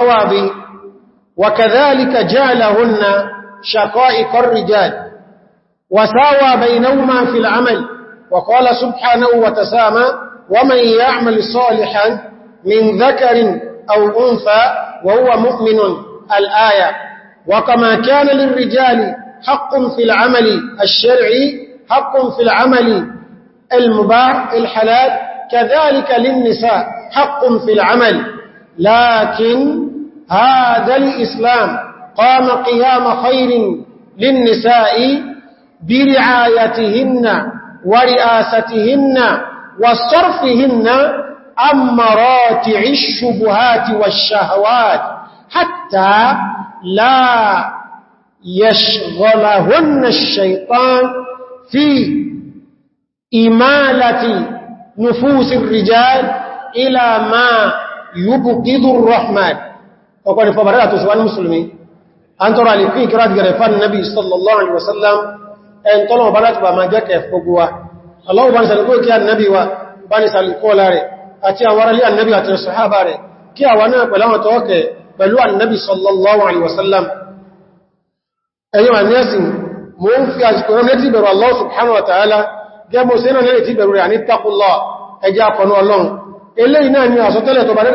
الثواب وكذلك جعلهن شقائق الرجال وساوى بينهما في العمل وقال سبحانه وتسامى ومن يعمل صالحا من ذكر أو أنثى وهو مؤمن الآية وكما كان للرجال حق في العمل الشرعي حق في العمل المباح الحلال كذلك للنساء حق في العمل لكن هذا الإسلام قام قيام خير للنساء برعايتهن ورئاستهن وصرفهن عن مراتع الشبهات والشهوات حتى لا يشغلهن الشيطان في إمالة نفوس الرجال إلى ما يبقض الرحمن ọ̀pọ̀ ni fọbàrẹ́lá tó ṣíwá ní musulmi an tọrọ alifin kira gẹ̀rẹ̀ fa nabi sallallahu alaihi wasallam ẹn tọ́lọ̀ bá láti bá ma jẹ́ kẹf gbogbo wa aláwọ̀ bá ní sàlùkó kí annabi wa bá ní sàlùkó láre àti àwọn aráli annabi àti sàhábà rẹ̀ kí àwọn náà pẹ̀lú àwọn tọ́ọ̀kẹ̀ pẹ̀lú annabi sallallahu alaihi wasallam ẹ̀yọ́ àníyàsìn mo ń fi àsìkò rẹ̀ létí bẹ̀rù Allah subhanahu wa ta'ala gẹ́gbọ́ sí náà létí bẹ̀rù rẹ̀ àní taqullah ẹjá pọ̀nú ọlọ́run eléyìí náà ni àsọtẹ́lẹ̀ tó bá rẹ̀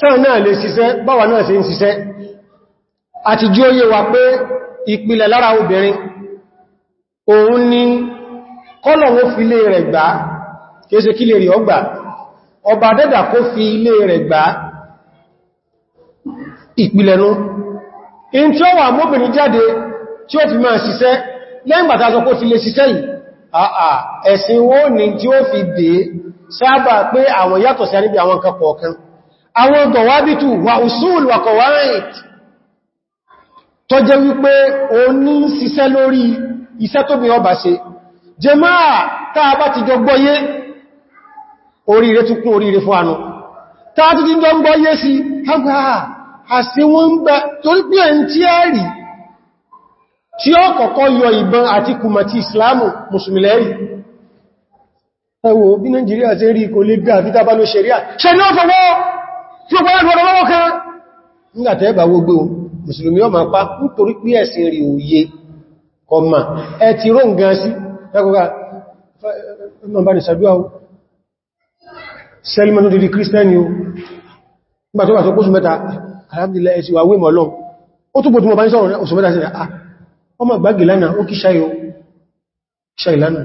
sáà náà lè ṣiṣẹ́ báwa náà ṣe ń ṣiṣẹ́ àti jí ó yé wa pé ìpìlẹ̀ lára obìnrin òun ni kọ́lọ̀wó fi ilé rẹ̀ gbá kéèṣe kí lè rí ọgbà ọba dẹ́dà kó fi ilé rẹ̀ gbá ìpìlẹ̀nú in tí ó wà mọ́bìnrin jáde tí ó fi máa ṣiṣẹ́ lẹ́yìnbàtà sọ kó pé àwọn yàtọ̀ sí àríbì àwọn nǹkan kọ̀ọ̀kan àwọn gọ̀wábìtù wà òṣùl wà kọ̀wàáìtì tó jẹ́ wípé o ní ṣiṣẹ́ lórí iṣẹ́ tó bí ọba ṣe jẹ máa táa bá ti jọ gbọ́yé oríire tún kún oríire fún ànà táa tó ti jọ gbọ́yé sí agbáà àṣí wọ́n gbá torí rí tí ó kọ́kọ́ yọ islamu musulmìlẹ́rì ẹwọ bí Nàìjíríà ṣe rí kò lè gbà àfítàbálò ṣe ní ọ̀fọwọ́ tí ó pẹ́ lọ́dọ̀ lọ́wọ́ kan nígbàtẹ́ ẹgbà gbogbo mùsùlùmí ọmọ apá nítorí pé ẹ̀sìn rí òye ọmọ ẹ ti rò ń gan sí ẹgbogbo ọmọ ni sàdúwà ó sẹ́lìmọ́nù dìdì kírísítẹ́ni ó nígbàtọ́ wà tó kóṣù mẹ́ta alhamdulillah ẹ̀sì wà wé mọ̀lọ́ ó túbò tí mo bá ń sọ̀rọ̀ oṣù mẹ́ta sí rẹ̀ ah ọmọ gbági lánàá ó kí ṣáyọ ṣáìlánà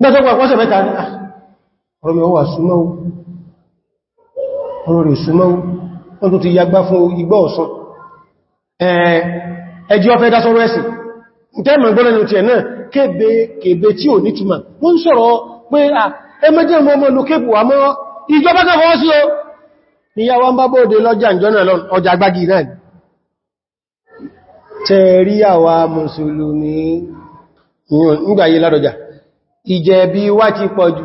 nígbàtọ́ pàpọ́sẹ̀ mẹ́ta ah, ọ̀rọ̀ mi ó wà súnmọ́ ọ̀rọ̀ rẹ̀ súnmọ́ ó tó ti yagbá fún igbó ọ̀sán ẹjí ọfẹ́ dásọ́rọ̀ ẹ̀sìn tẹ́mọ̀ gbọ́lẹ̀nù náà kébé kébé tí ò ní túnmà wọ́n sọ̀rọ̀ pé à ẹmẹ́jẹ́ mọ́ ọmọ ló o níyàwó wá ti pọ̀jù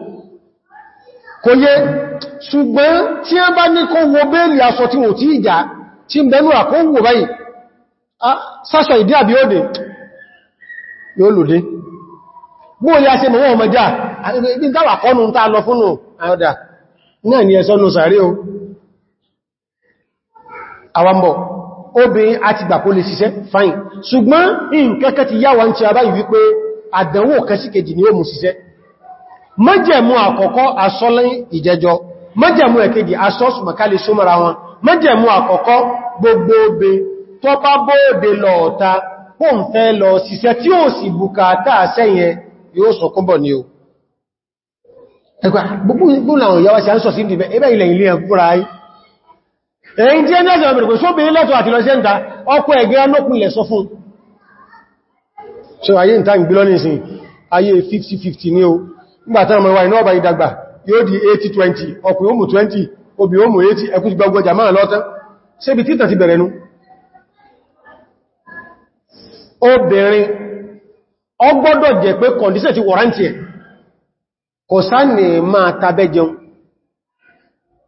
kò yé ṣùgbọ́n tí a bá ní kó wo bẹ́ẹ̀lì aṣọ tí wọ́n tí ìjà tí ń bẹnu àkóhùn báyìí sáṣọ ìdí àbí òde yóò lòdé bóò lè aṣe mọ̀wọ́n ọmọ já ìdáwà kọ́nù tá lọ fúnnù àyọ́dà náà ni ẹ̀sọ́nù o àwambọ̀ obìnrin àti gbà fine ṣùgbọ́n nǹkan kan ti yá wa ń ti abáyìí wípé májẹ̀mú àkọ́kọ́ asọ́lẹ́ ìjẹjọ májẹ̀mú ẹ̀kejì asọ́sùmọ̀kálẹ̀ sómọ́ra wọn májẹ̀mú àkọ́kọ́ gbogbo obe tó bá bóòdè lọ́ọ̀ta ó ń fẹ́ lọ síṣẹ́ tí ó sì bùkátà sẹ́yẹ yóò sọ kúbọ̀ ni o ẹgbà gbogbo àwọn ìyáwá sí à ń sọ sí ìdìbẹ̀ ẹgbẹ́ ilẹ̀ ilẹ̀ ẹ̀kúra ayé èyí tí ẹgbẹ́ ẹ̀sẹ̀ ọmọdé sóbi lẹ́tọ̀ àti lọ́sẹ́ntà ọkọ̀ ẹ̀gẹ́ ayé 50-50 ní o nígbàtí ọmọ ìwà iná ọba ìdàgbà yóò di 80-20 ọkùnrin òmù 20 obì òmù 80 ẹkùn ti gbogbo jàmáà lọ́tán ṣébi títà ti bẹ̀rẹ̀ nú obìnrin ọgbọ́dọ̀ jẹ pé kọ̀ndíṣẹ̀ ti wọ̀rántí ẹ̀ kò sáàni máa tabẹ́ jẹun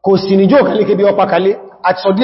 kò sì níjó kàlékè bí àti sọ̀dí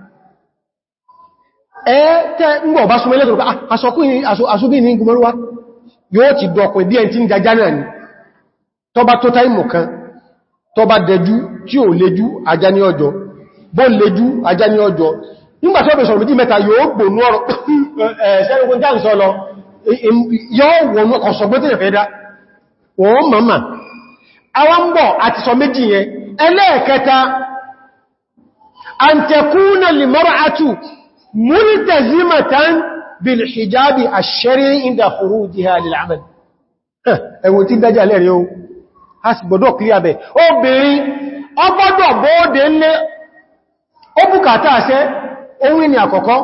ẹ̀ẹ́tẹ́ ngbọ̀ bá súnmọ́ ilẹ́tọ̀rọ̀ asọ́bí ah, ní gúnmọ́rúwá yóò ti dọ̀kùn bí ẹn tí ń jajá náà ni tọba tó táìmù kan tọba dẹjú tí ò lejú ajá ní ọjọ́ bó lejú ajá ní ọjọ́ nígbàtí ọbẹ̀ sọ̀rọ̀ méjì mẹ́ta yóò gbònú ọ̀rọ̀ ẹ̀ẹ́sẹ́rẹ́gún já ń sọ lọ yóò wọ̀nú ọ̀sọ̀gbọ́n tí ìfẹ́ dá wọ́n mọ̀mà ملتزمة بالحجاب الشرعي عند خروجها للعمل ẹ̀wọ̀n tí dájá lẹ́rẹ̀ o a sì gbọ́dọ̀ kìí abẹ̀ obìnrin ọgbọ́dọ̀ bóòdé ohun àkọ́kọ́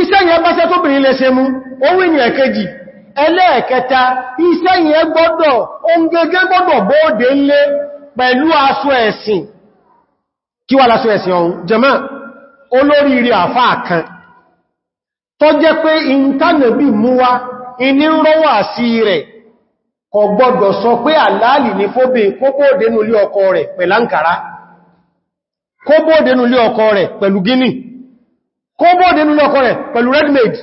iṣẹ́ yẹn bá ṣe tóbìnrin lẹ́ṣẹ́ mú ohun ìní ẹlẹ́ẹ̀kẹta iṣẹ́ yẹn gbọ́dọ̀ ohun gẹ́gẹ́ bóòdé ńlẹ́ pẹ̀lú aṣọ ẹ̀sìn kí wà ẹ̀sìn ọ̀hún olórí iri àfá kan tó jẹ́ pé ìntánàbí múwá iní rọ́wà sí rẹ̀ kò gbọ́dọ̀ sọ pé àlàálì ní fóbi kókó dénú ọkọ rẹ̀ pẹ̀lú ọkọ gíní kóbó dénú ọkọ rẹ̀ pẹ̀lú redmade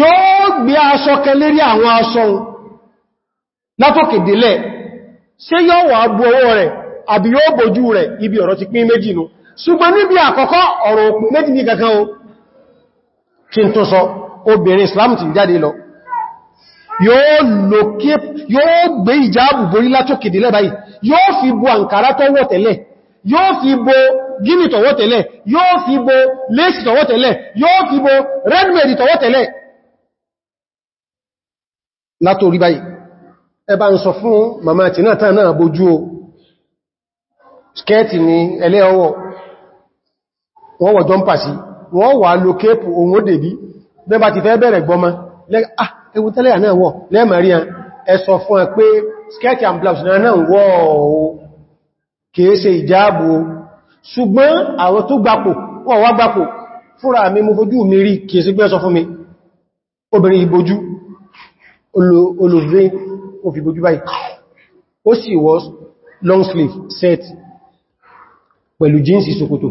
yóò gbé aṣọ kẹlérí àwọn aṣọ yóò wà bú ọwọ́ ibi ọ̀rọ̀ ti pín méjì ṣùgbọ́n níbi àkọ́kọ́ ọ̀rọ̀ òkú méjì ní kankan o kí n tó sọ obìnrin Islam ti jáde lọ yóò gbé ìjáàbù borí látókèdè lẹ́bàáyì yóò fi bo àǹkárá tó wọ̀ tẹ́lẹ̀ yóò fi bo gíní tọ̀wọ́ tẹ́lẹ̀ yóò fi bo léṣì tọ̀wọ́ tẹ́lẹ̀ yóò fi bo redmade tọ̀wọ́ tẹ́lẹ̀ látorí báyìí ẹba ń sọ fún màmá àti náà tánà àbójú o skẹ́ẹ̀tì ni ẹlẹ́ ọwọ́ wọ́n wọ̀ jọmpa sí wọ́n wà ló kéèpù ohun ó dèbí bẹ́bà ti fẹ́ bẹ̀rẹ̀ gbọmọ ẹwù ah, tẹ́lẹ̀ náà wọ̀ lẹ́mẹ̀ríyàn ẹ sọ fún ẹ pé skirt and blouse náà náà wọ́ kìí ṣe ìjáàbò ṣùgbọ́n àwọn tó gbapò wọ́n wá gbapò fúnra mi mo fojú mi rí kìí sí gbẹ́sọ fún mi obìnrin ìbojú olùgbé ó fi bojú báyìí ó sì wọ́ long sleeve set pẹ̀lú jíǹsì ṣòkòtò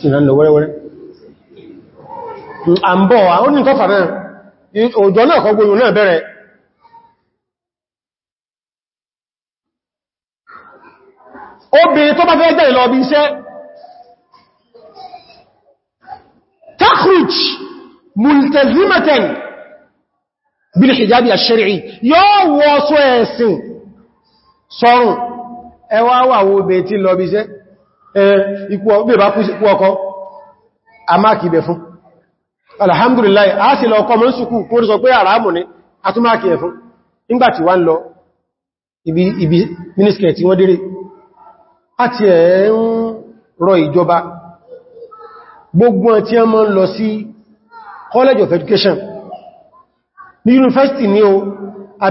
tí ìrìn lọ wẹ́rẹ́wẹ́rẹ́ àmbọ̀ àwọn ní tọ́fà náà òjò náà kọ́ gbogbo náà bẹ̀rẹ̀ obìnrin tó bá fẹ́ jẹ́ ìlọ bí iṣẹ́ takhruj multazimatan bil hijabi ash yóò wọ́ sọ ẹ̀sìn sọ́rùn ẹwà wà wo bèé tí lọ bí iṣẹ́ ikú ọkọ a máa kìí fún a sì lọ ọkọ mọ́ sùkú kó rí sọ pé ní a tún máa fún nígbàtí wá ń lọ ibi miniskẹ̀ tí wọ́n a ti ẹ̀ ń rọ ìjọba gbogbo lọ college of o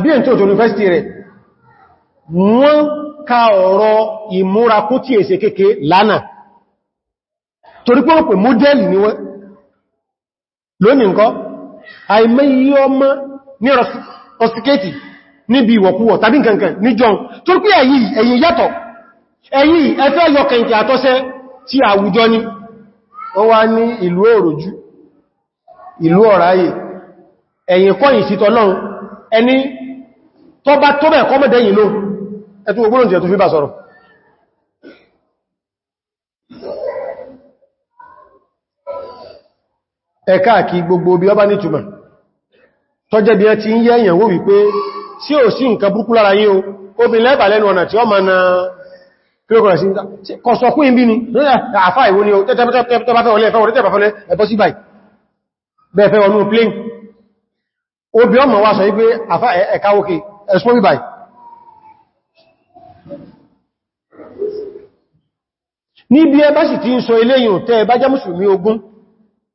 ẹ̀ tó university wọ́n ka ọ̀rọ̀ ìmúra kó tí èsè kéèké lánàá torí pé òpè mọ́dẹ́lì ni wọ́n lónìí nǹkan àìmẹ́yí ọmọ ní ọ̀sìkéètì níbi ìwọ̀kúwọ̀ tàbí nǹkankan ní john tó pé èyí èyí yàtọ̀ èyí ẹfẹ́ yọ kẹ̀kẹ̀ àtọ́sẹ́ tí àwùjọ ní ó wá ní ìlú òròjú ìlú ọ̀ráyè ẹ̀tún ogbónà jẹ́ tó fi bá sọ̀rọ̀ ẹ̀ká kí gbogbo bí ọba nítùmọ̀ tọ́jẹ́ bí ẹ ti ń yẹ́ ìyànwó wípé sí ò sí nǹkan burúkú lára yín o obìnrin lẹ́bà lẹ́nu ọ̀nà tí ó ma na kírókọ̀rẹ̀ sí kọ̀sọ̀kún ìbí ni àfá ìwò ni o tẹ́tẹ́bàfẹ́ ọlẹ́ ẹ̀fẹ́ ọ̀rẹ́tẹ́bàfẹ́ ẹ̀bọ́ sí báyìí bẹ́ẹ̀fẹ́ ọ̀nà plane obì ọmọ wá sọ wípé àfá ẹ̀káwókè ẹ̀sùn wíbáyìí níbi ẹbá sì ti ń sọ eléyìn òtẹ́ ẹbá jẹ́ mùsùlùmí ogún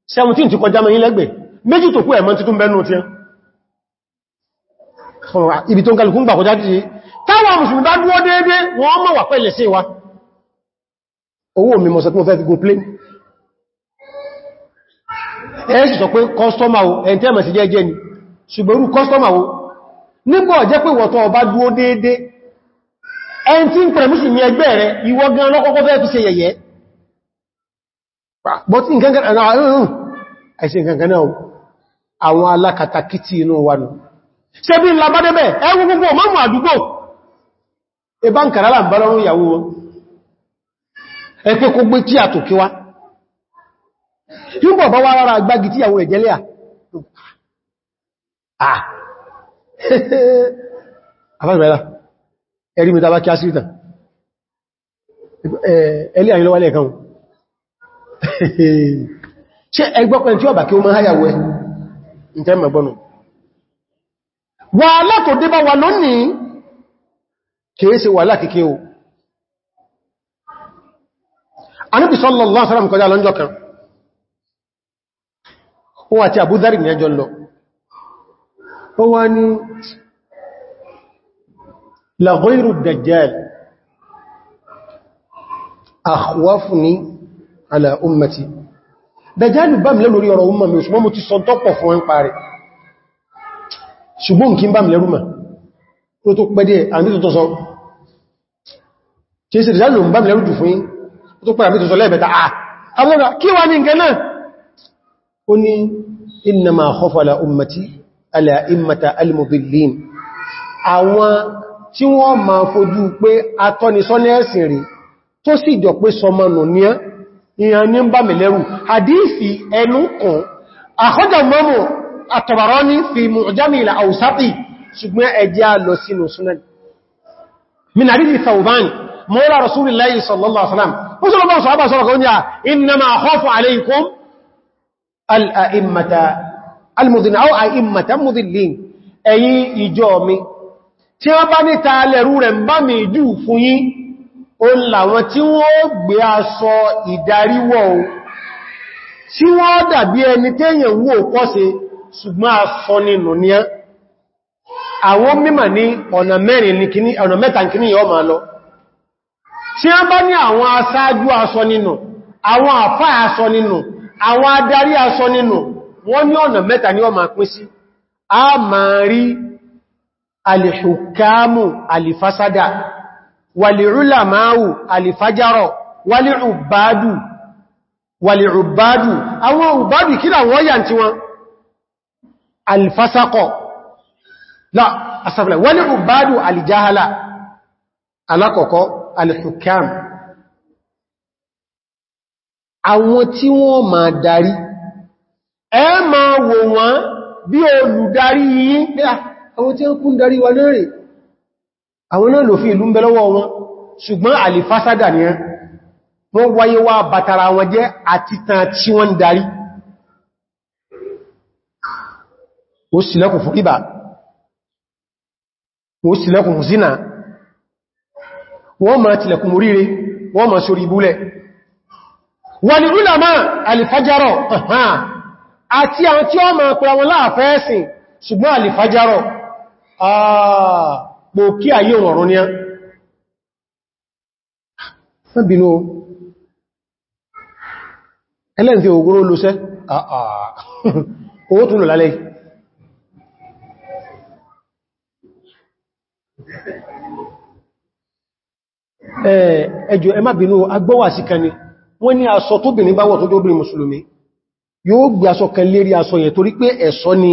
17 ti kọjá mẹ́yìn lẹ́gbẹ̀ẹ́ méjì tó kú ẹ̀mọ́ títún bẹ́nu tí ibi tó ń kàlùkù ń gbà kọjá tí táwà mùsùlùmí bá dúró déédé wọ́n mọ̀ wà pẹ̀lẹ̀ sí wa owó mi mọ̀sọ̀ ni ṣùgbọ́n irú kọ́stọ́mà o nígbọ̀ ẹn tí ń pẹ̀rẹ̀ mùsùlùmí ẹgbẹ́ rẹ̀ ìwọ gan lọ́kọ́kọ́ fẹ́ fi ṣe yẹ̀yẹ́ but nǹkan náà àwọn alákatakítí inú wa nù ṣe bí labádẹ́bẹ̀ ẹwú gbogbo mọ́mù àdúgbò ẹbá ń kàrà láàbá lọ́rún ẹ̀rí mi tàbá kí á sí ìtàn ẹlé àyínlọ́wálẹ̀ kan ṣe ẹgbọ́pẹ́ tí ọba kí ó máa háyàwó ẹ ìtẹ́mẹ̀ gbọ́nù wàhálà tó dé bá wa lónìí kìí ṣe wàhálà kéké o Ànábì sallallahu ní ẹjọ́ لغير الدجال أخوفني على أمتي دجال بام لẹ́nu rí ọ̀rọ̀ umma mi ṣùgbọ́n mo ti sọ tọ́pọ̀ fún ẹ ń parí ṣùgbọ́n kí n bám lẹ́rú mà ó tó pẹ́dẹ̀ àmì tó tọ́sọ kí sí dìjá lòun bám lẹ́rú jù fún yí ó tó pẹ́ àmì tó sọ lẹ́ẹ̀bẹ̀ta ah, àà kí wá ní nǹkan náà ó ní innama khafa ala ummati ala immata al-mudillin àwọn tí wọ́n máa fojú pé atọ́nisọ́nà ẹ̀sìn rí tó sì jọ pé sọmọnù ní ìyàn ní ń bá mẹ́lẹ́rù hadithi ẹnu kan àkọ́jà mọ́mù at-Tabarani fi Mu'jami al-Awsati ṣùgbọ́n ẹjẹ́ lọ sínú sunan min hadithi Thawban mọ́lá Rasulillahi sallallahu alaihi wasallam al-a'immata al-mudillin aw a'immata mi tí wọ́n bá ní tààlẹ̀rú rẹ̀ bá mi jù fún yín o làwọn tí wọ́n gbé aṣọ ìdaríwọ̀ o tí wọ́n dàbí ẹni tẹ́yẹ̀ wó pọ́se ṣùgbọ́n aṣọ nínú ní ẹ́ àwọn mímọ̀ ní ọ̀nà mẹ́rin ní kíní ọ̀nà mẹ́ta kíní yọ ma lọ tí wọ́n bá ní àwọn aṣáájú aṣọ nínú àwọn àfá aṣọ nínú àwọn adarí aṣọ nínú wọ́n ní ọ̀nà mẹ́ta ni wọ́n ma pín sí a máa rí alìṣùkámù alìfásádà wàlìrúlàmáwù alìfájárọ̀ wàlìrùbádù wàlìrùbádù àwọn òbádù kí làwọn yà tí wọn alìfásákọ̀ lá asàfilẹ̀ wàlìrùbádù alìjáhálà alákọ̀ọ́kọ́ alìṣùkámù àwọn tí wọ́n ma darí ẹ ma wò wọ́n bí olùdarí yìí àwọn tí ó kú darí wa náà rẹ̀ àwọn náà lòfin ìlú ń bẹ lọ́wọ́ wọn ṣùgbọ́n àlìfásádà ni wọ́n wáyé wá bàtàrà wọn jẹ́ àti tàn tí wọ́n ń darí ó sílẹ̀kùn fún ìbà ó sílẹ̀kùn zina wọ́n ma tilẹ̀kùn oríire wọ́n ma sórí ṣùgbọ́n alifajaro àpò ah, kí ayé ọ̀rọ̀ ní ẹbìnú ẹlẹ́ǹtí ògúrò lóṣẹ́ ah, ah. owó tún lò lálẹ́ ẹjọ́ agbọ́wà ni wọ́n ní aṣọ tóbìnrin tó mùsùlùmí yóò aṣọ kan lérí aṣọ yẹn torí pé ẹ̀ṣọ́ ni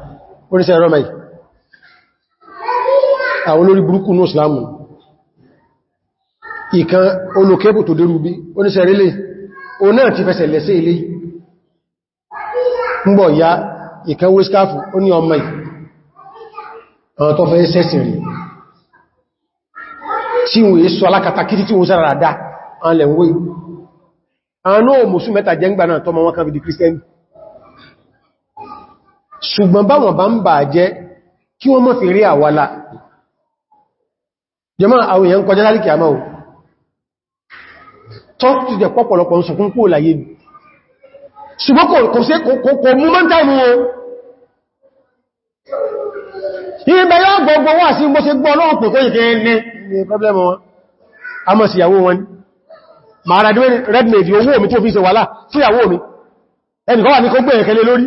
oríṣẹ́ ẹ̀rọ mẹ́ì àwọn olórí burúkú ní ìsìlámù ìkan olókébù tó dérú bí oníṣẹ́ relé o náà ti fẹsẹ̀ lẹ́sẹ̀ ilé ń bọ̀ ya ìkan wíṣkáfù ó ní ọmọ ì àwọn tó fẹ́ sẹ́sìn rí tí wọ́n èso alákàtà kìtì tí wọ́n sára dáa àwọn ṣùgbọ́n báwọn bá ń bà jẹ́ kí wọ́n mọ́ fi rí àwálà jẹmọ́ àwọn èèyàn kọjá lálìkì àmọ́ ò tọ́tù jẹ pọ́pọ̀lọpọ̀ ń sọkún kó láyé ṣùgbọ́n kò sí kò mú mọ́ntàmù o ibẹ̀ yóò gbogbo wà sí gbóṣe gbọ́ lọ́wọ́ pò tó ìfẹ́ ẹni ní pẹ́blẹ́mọ̀ wọn a mọ̀ síyàwó wọn màá ràdúwẹ́ redmaid owó lórí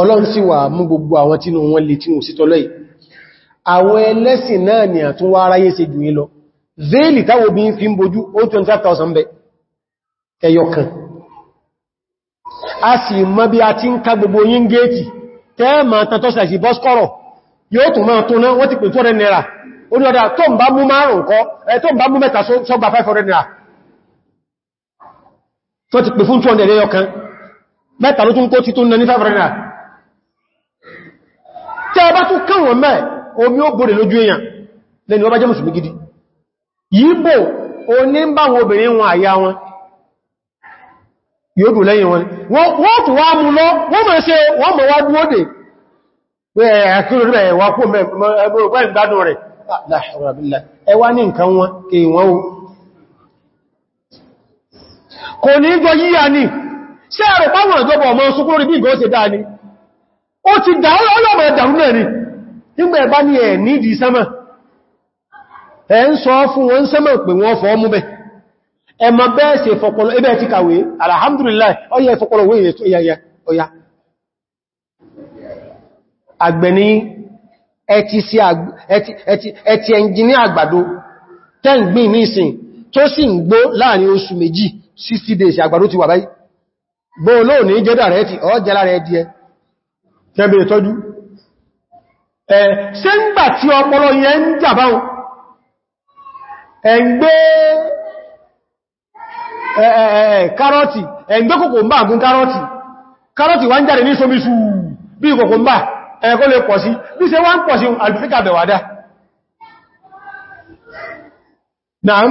ọlọ́run sì wà mú gbogbo àwọn tínú wọn lè tínú sí tọ́lọ́ àwọn ẹlẹ́sìn náà ni àtún wá aráyé ṣe jù yín lọ zéèlì táwọn obìnrin fi ń bojú 25,000 bẹ ẹyọkan a sì mọ́ bí a ti ń ká gbogbo yín géètì tẹ́ẹ̀mà tàtọ́sà sí bọ́skọ́rọ̀ yóò tún máa tó náà wọ́n ti pè 200 naira tó ti pè fún 200 ẹyọ kan mẹ́ta ló tún kó ní tí a bá tún káwọn mẹ́ omi ó bòrè lójú èèyàn lẹ́ni wọ́n jẹ́ mùsùlùmí gidi yíbò o ní ń bá wọn obìnrin wọn àyà wọn yóò lẹ́yìn wọn wọ́n tún wá mú lọ wọ́n mọ̀ ṣe wọ́n mọ̀ wá dúó kò ní gbọ́ yíya ní ṣe ẹ̀rọ páwọn ìjọba ọmọ ṣúkúrò rí bí ìgbọ́ ṣe dáa ní ó ti dáa ọlọ́mọ ẹ̀dàrú náà ni nígbà ẹ̀bá ní ẹ̀ nídi sẹ́mọ̀ ẹ̀ ń sọ fún wọn sẹ́mọ̀ pé wọ́n fọ́ mú bẹ́ẹ̀ tó sì ń gbó láàrin oṣù méjì 60 days àgbàdo ti wà báyìí bó ló ní jẹ́dà rẹ̀ ti ọjẹ́ lára ẹdíẹ tẹ́bẹ̀rẹ̀ tọ́jú ẹ̀ ṣe ń gbà tí ọpọlọ yẹn ń jàbáun ẹ̀ǹgbẹ́ kárọ́tì ẹ̀ǹgbẹ́ kòkòmbà gún kárọ́tì kárọ́tì wá ń jáde ní somisu bí kòkòmbà ẹ̀kọ́ lè pọ̀ sí bí ṣe wá ń pọ̀ sí alùfíkà bẹ̀wàdá Naam,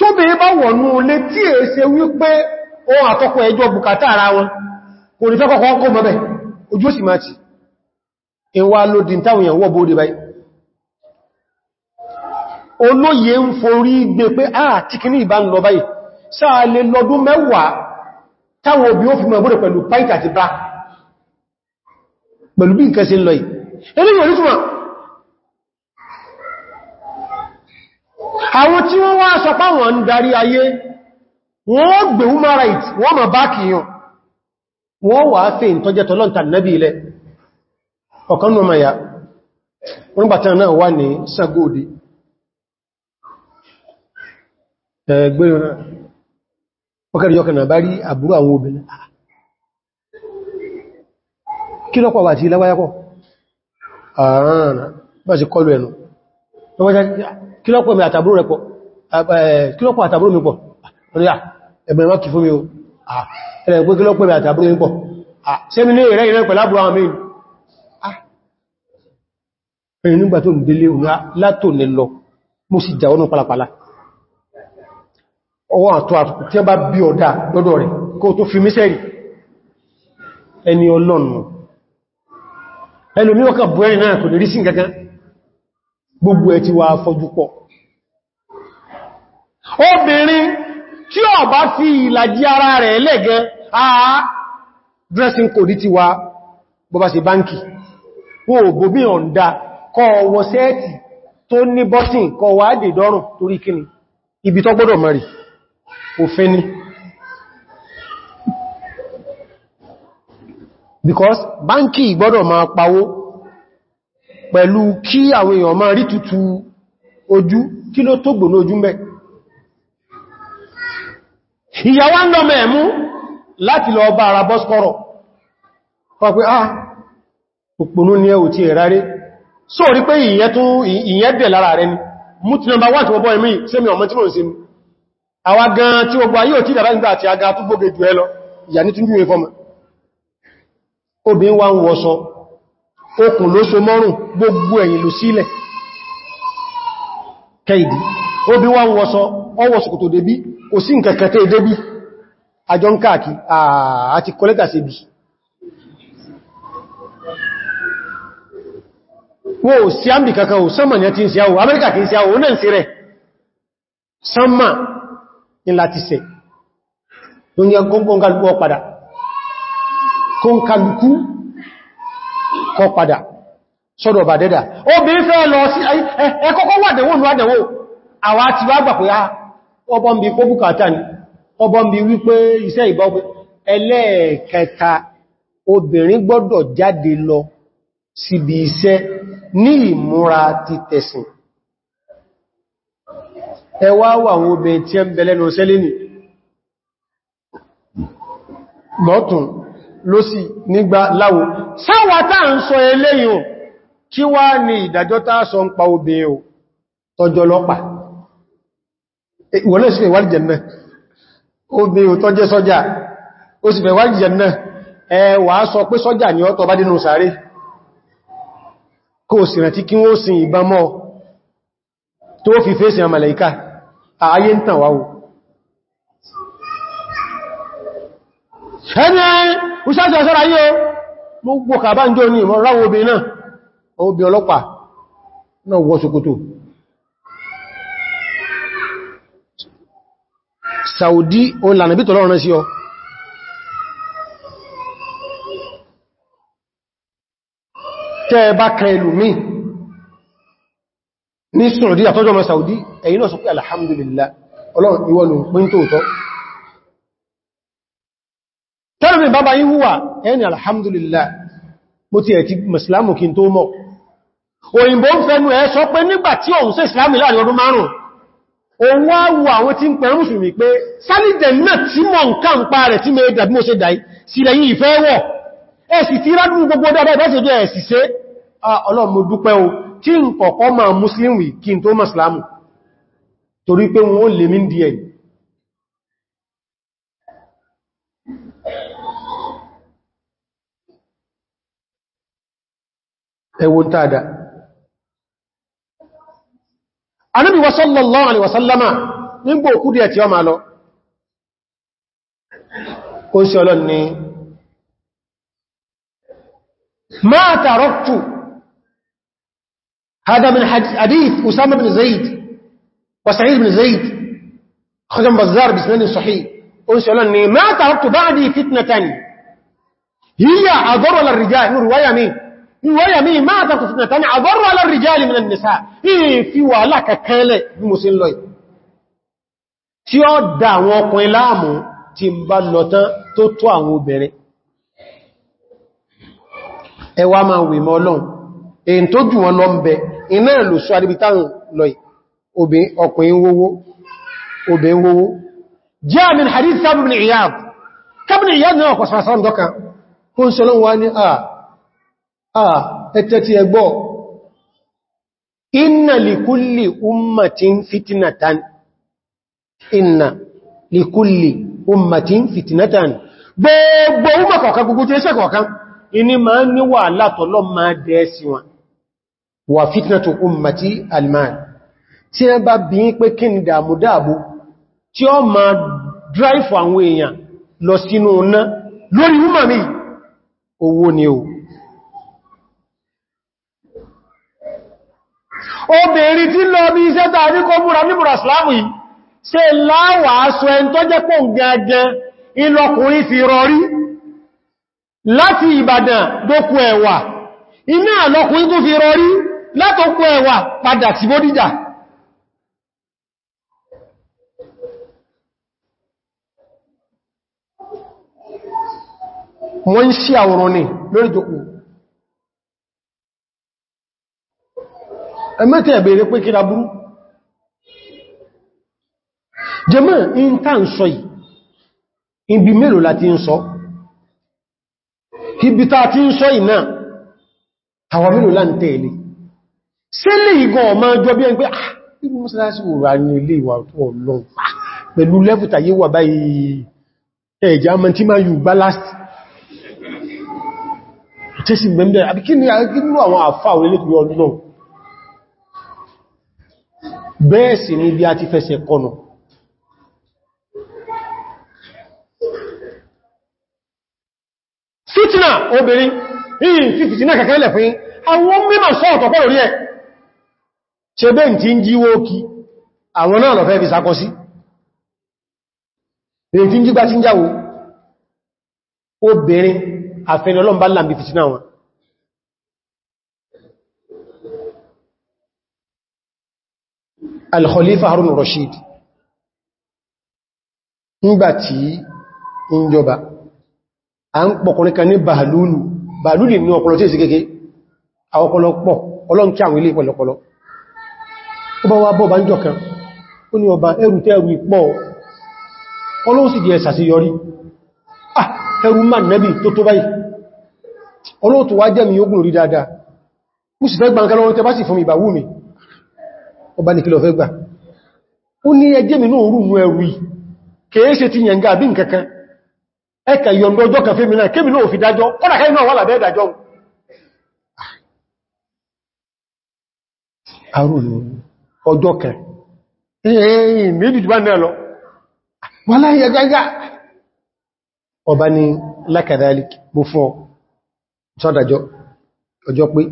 tó bèé bá wọ̀nú lé tí è ṣe wípé ohun àtọ́kọ ẹjọ́ bùkátà ara wọn kò ní fẹ́kọ̀ọ́ kó mọ́bẹ̀ ojú sì máa ti ìwà lòdì táwọn èèyàn wọ́ bóòdì báyìí olóyè ń forí gbé pé àà tí kì ní ìbá àwọn tí wọ́n wá sọ páwọn darí ayé wọ́n gbé human rights wọ́n ma bá kìíyàn wọ́n wà fẹ́ ìtọ́jẹ́ tọ́lọ́ntà nẹ́bí ilẹ̀ ọ̀kan ya wọ́n náà wà ní sagodi náà kílọ́pọ̀ mi àtàbúrò rẹ̀ pọ̀ kílọ́pọ̀ àtàbúrò mi pọ̀ ọ̀rẹ́yà ẹ̀bẹ̀rẹ̀ mọ́ kì fún mi o ẹ̀rẹ̀ pé kílọ́pọ̀ mi àtàbúrò mi pọ̀ ṣe mi ní ìrẹ́ ìrẹ́ pẹ̀lú àbúrò àwọn mìíràn ẹ̀rìn nígbà tó ń délé òun látò lè lọ mo sì jà ọ̀nà pàlàpàlà ọwọ́ àtọ́ àtùkù tí a bá bí ọ̀dá lọ́dọ̀ rẹ̀ kó tó fi gbogbo ẹ̀ ti wà fọjú pọ̀ obìnrin tí ó bá fi ìlàjí ara rẹ̀ lẹ́gẹ́ àá dressing code ti wá bọ́bá sí báńkì wọ́n ò bóbí ọ̀ndá kọ wọ sẹ́ẹ̀tì tó ní bọ́tìn kọ wà á dè torí kíni ibi tó gbọ́dọ̀ mari òfin ni because báńkì gbọ́dọ̀ máa pawó pẹ̀lú kí àwọn èèyàn máa rí tutù ojú kí ló tó gbò ní ojú mẹ́ ìyàwó ń lọ mẹ́ẹ̀mú láti lọ bá ara bọ́skọ́rọ̀ pàpẹ́ ah òpònú ní ẹ̀wò tí ìrárí so rí pé ìyẹn dẹ̀ lára rẹ ni mú ti nọmba wọ́n tí wọ́n bọ́ ẹ̀mí sí mi ọmọ tí mò ń sí mi gan tí gbogbo ayé ọwọ́ ṣòkòtò débí kò sí nkẹ̀kẹ̀tẹ̀ débí àjọ ń káàkì àti kọlẹ́tà sí bí wọ́n ò sí àmì kankan ò sánmà ní àti ìsìyàwó Amẹ́ríkà kì í sí àwọ̀ náà sí rẹ̀ sánmà ní láti sẹ̀ lóní ọgbọ̀ngalukú ọpadà kọnkalukú kọ padà sọ́dọ̀ bà dẹ́dà obìnrin fẹ́ lọ sí ẹkọ́kọ́ wà dẹ̀wò lọ́dẹ̀wò àwọn àti wà gbà pé ah, ọbọ̀n bí kó bùkátà ní ọbọ̀n bí wípé iṣẹ́ ìbọ́gbé ẹlẹ́ẹ̀kẹta obìnrin gbọ́dọ̀ jáde lọ síbi iṣẹ́ ní ìmúra ti tẹ̀sìn ẹwà wà àwọn obìnrin tí ẹ ń bẹ̀lẹ́nu sẹ́lẹ̀ ní lọ́tún lósì nígbà láwo sáwà ń sọ eléyìn kí wá ní ìdájọ́ táà sọ ń pa obìnrin tọjọ́ lọ́pàá ìwọ̀n náà sì fẹ́ wà aljanna obi ò tọ́ jẹ́ sọ́jà ó sì fẹ́ wà aljanna sọ pé sọ́jà ni ọ́ tọ́ bá dínú sàárè kó sì rántí kí wọ́n sin ìbá mọ́ tó fi fèsì àmàlẹ̀ká ààyé ń tàn wá o ẹni ìṣàṣì Saudi òun lànà bí tọ́lọ́run sí ọ tẹ́ bá kan ìlúmí ní Saudi àtọ́jọ́ ọmọ Saudi ẹ̀yin náà sọ pé alhamdulillah ọlọ́run ìwọ ló ń pín tóòtọ́ tẹ́rùmí bàbá yí húwà ẹni alhamdulillah mo ti ẹ̀tí mùsùlámù kí n tó ẹ̀ òun wá wo àwọn tí ń pẹ̀rún mùsùlùmí pé sálìdẹ̀ náà tí mọ̀ nǹkan ń pa rẹ̀ tí mẹ́ dàbí mo ṣe dáì sí lẹ́yìn ìfẹ́ wọ̀ ẹ̀sì tí rádùn gbogbo dáadáa ìbẹ́sẹ̀ jẹ́ ẹ̀sì ṣe ah, Ọlọ́run mo dúpẹ́ o tí ń kọ̀kọ́ ma muslim wì kí anábi wasallallahu alaihi wasallama nígbò òkú díẹ̀ tí ọ máa lọ kó sí ọlọ́n ni máa tààrọ́kù hadamin hadith usama bin zaid wasa'id bin zaid khajan bazar bisnanin sahih ó sí ọlọ́n ni máa tààrọ́kù ba'di fitnatan hiya adọ́rọ̀lá rijal ní ruwaya min níwọ́yà mí máa tàkù fìtnà tánà àbọ́rọ̀ alárìjáàlì mìíràn nìsá ìfi wà lákàkẹ́lẹ̀ bí mo sí ń lọ tí ó dá àwọn ọkùnrin láàmú tí ń bá lọ́tán tó tó àwọn obìnrin ẹwà máa wè mọ́ lọ́n èyí tó jù wọn lọ ń bẹ iná ìlú sọ adébítàrùn lọ ọkùnrin wówó obìnrin wówó jẹ́ àmì ẹ̀tẹ́ ti ẹgbọ́ inna likulli ummatin fitnatan inna likulli ummatin fitnatan gbogbo umma kọ̀ọ̀kan gbogbo tí ẹsẹ̀ kọ̀ọ̀kan iní ma ń ní wà látọ̀lọ́ ma dẹ̀ẹ́sì wọn wà fitnatu ummati alman tí ẹ bá bí pé kí ni dàmúdàbú tí ó ma drive àwọn èèyàn lọ sínú ọ̀nà lórí umma mi owó ni o. obìnrin tí lọ bí iṣẹ́ tàà ní múra ní múra sláàmù yìí ṣe láwà aṣọ ẹn tó jẹ́ pọ̀ gẹ́gẹ́ ìlọkùnrin fi rọrí láti Ìbàdàn dókù ẹ̀wà iná àlọkùnrin tó fi rọrí látọkù ẹ̀wà padà sí Bódìjà wọ́n ń ṣí àwòrán ní lórí ìjọpọ̀ ẹmẹ́tẹ̀ ẹ̀bẹ̀rẹ̀ pé kí lábúrú jẹmọ́ in ta ń sọ yìí ibi mélòó láti ń sọ ibi ta ti ń sọ yìí náà tàwà mélòó láti tẹ̀lé sí lè igan ọmọ ọjọ́ bí ẹn pé ah ibi mọ́sálásí wò rà ní àwọn àfáà orílẹ̀-èdè ọdún náà bẹ́ẹ̀ sì ni bí a ti fẹsẹ̀ kọnù fitna obìnrin yìí fi fitna kàkẹ́lẹ̀ fún àwọn mímọ̀ sọ́ọ̀tọ̀ pọ̀ lórí ẹ̀ ṣe bẹ́ tí ń jíwó kí àwọn náà lọ fẹ́ fi sakọ sí èyí tí ń jígbá tí ń jáwó obìnrin àfẹ́ni ọlọ́mbá láàbí fitna wọn al-Khalifa Harun Rashid nígbàtí ń jọba a ń pọ̀kùnrin kan ní bàálùlù bàálùlù ní ọpọlọ tí èsì kéèké àwọpọlọpọ̀ ọlọ́n kí àwọn ilé pẹ̀lọpọlọ ó bá wá bọ́ bá ń jọ kan ó ní ọba ẹrù tẹ́rù ìpọ̀ ọlọ́n sì di ẹ̀sà sí yọrí ah ẹrù mà nẹ́bì tó tó báyìí ọlọ́n tó wá jẹ́ mi yóò gùn rí dáadáa mo sì fẹ́ gbàǹkan lọ́wọ́ tẹ bá sì fún mi ìbàwú mi ọba ní kí lọ fẹ́ gbà ó ní ẹjẹ́ mi náà rúrù ẹrù yìí kèé ṣe ti yẹn gà bí nkankan ẹkà yọ̀ndọ́ ọjọ́ kan fẹ́mi náà kémi náà fi dájọ́ kọ́nà kẹ́ náà wà lábẹ́ ìdájọ́ ah. arúrù ọjọ́ kan ẹ̀yìn méjì jùbá náà pé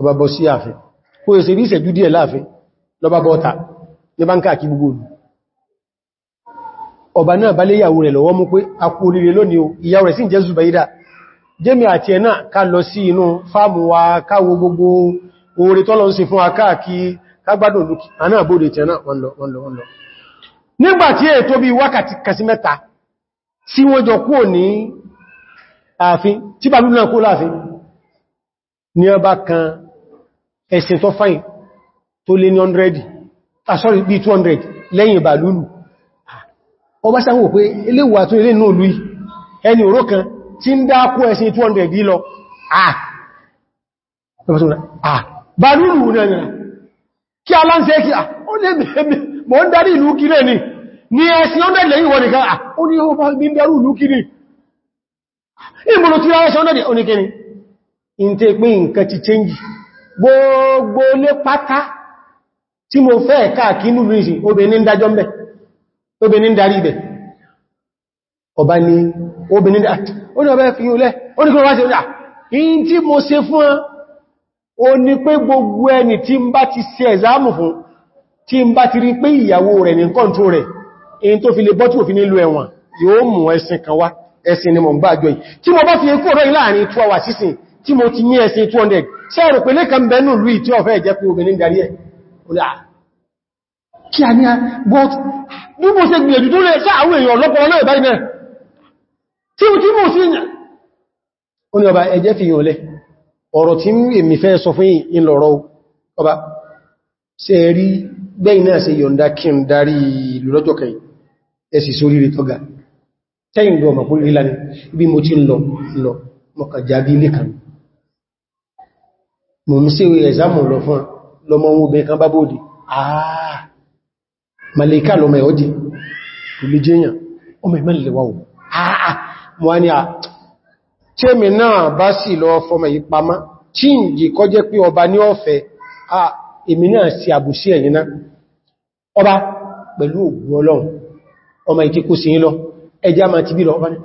ọba bọ́ sí ààfin kó èsè rí ìṣẹ́jú díẹ̀ láàfin lọba bọ́ta ní báńkà àkí gbogbo olù ọba náà bá léyàwó rẹ̀ lọ́wọ́ mú pé akú oríire lónìí o ìyàwó rẹ̀ sí jẹ́ Zubaida jẹ́mi àti ẹ̀ náà ká lọ sí inú fáàmù wa káwo gbogbo oore tọ́lọ ń ṣe fún wa káàkí kágbádùn lókì àná àbóde tẹ̀ náà wọ́n lọ wọ́n lọ wọ́n ẹ̀sìn tó fáyìn tó lé ní 100 ah sorry bí 200 lẹ́yìn ìbàlúlù ọba ah, sáwọn pé eléwà tó ilé náà lúí ẹni òró kan tí ń dá kó ẹ̀sìn 200 bí lọ ah, ah bàlúlù náà kí aláǹsẹ́ kí ah, ó lè bẹ̀ẹ̀bẹ̀ mọ́ ń darí ìlú kí lẹ́ni ní ẹ̀sìn 100 lẹ́yìn wọ́n nìkan ó ní ọba ní dárú ìlú kí ní ìmọ̀lù tí ẹ̀sìn 100 oníkẹni in gbogbo lé pátá tí mo fẹ́ káàkínú ríṣì obìnrin dájọ́ mẹ́ obìnrin darí ibẹ̀ ọba ni obìnrin dájọ́ ó ní ọba fi ilẹ̀ ó ní kí wọ́n wá sí ọjà in tí mo ṣe fún ẹ o ní pé gbogbo ẹni tí ń bá ti ṣe ẹ̀zámù fún tí ń bá ti rí pé ìyàwó rẹ̀ ní kọ́ntó rẹ̀ in tó fi lè bọ́ tí òfin nílò ẹ̀wọ̀n yóò mú ẹ̀sìn kan wá ẹ̀sìn ni mo ń gbájọ yìí tí mo bá fi ikú ọ̀rọ̀ ìláàrin 2 hours kí a ní a but bí mo ṣe gbìyànjú tó lè sáàwọ̀ èèyàn lọ́pọ̀ náà báyìí náà tí ó tí mo sí ìyàn ó ní ọba ẹjẹ́ fi yàn lẹ́ ọ̀rọ̀ tí èmi fẹ́ sọ fún ìlọ̀rọ̀ ọba ṣe rí bẹ́yìn náà ṣe yọ̀ǹda kí n darí ìlú lọ́jọ́ kẹyìn ẹ̀sì sórí rẹ̀ tọ́gà tẹ́yìn lọ mọ̀kún lílá ní bí mo ti lọ lọ mọ̀kàjá bí ilé kan mo ń ṣe ẹ̀zámù lọ fún lọmọ ohun obìnrin kan bá bóòdì àà ah, màlèkà lọmọ ẹ̀ọ́dì kò lè jẹ́yàn ọmọ ìmẹ́lẹ̀lẹ́wà ohun ah, àà mọ́ ní à ah, tí mi náà bá sì lọ fọmọ yìí pamá tí ń jì kọ́ jẹ́ pé ọba ní ọ̀fẹ́ à èmi náà sí àbùsí ẹ̀yìn náà ọba pẹ̀lú ògùn ọlọ́run ọmọ ìkíkú sí yín lọ ẹjá máa ti bí lọ ọba ní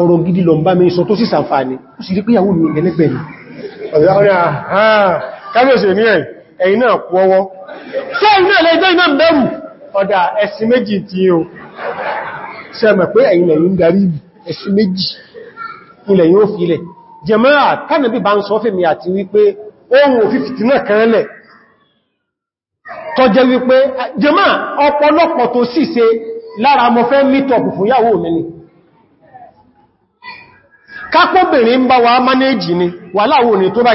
ọ̀rọ̀ gidi lọ bá mi sọ tó sì sàǹfààní ó sì rí pé ìyàwó mi ìgẹ́lẹ́gbẹ̀ẹ́ ni ọ̀rẹ́ ọ̀rẹ́ àhán kábíyèsí ní ẹ̀ ẹ̀yìn náà kú ọwọ́ ṣe iná ẹlẹ́jẹ́ iná bẹ̀rù ọ̀dà ẹ̀sìn méjì tí o ṣe mẹ̀ pé ẹ̀yìn lẹ̀yìn darí ẹ̀sìn méjì ilẹ̀ yóò fílẹ̀ jẹmọ́ra kánàbí bá ń sọ fèmí àti wípé ohun òfífìtì náà kẹrẹlẹ̀ tọ́jẹ́ wípé jẹmọ́ ọ̀pọ̀lọpọ̀ mo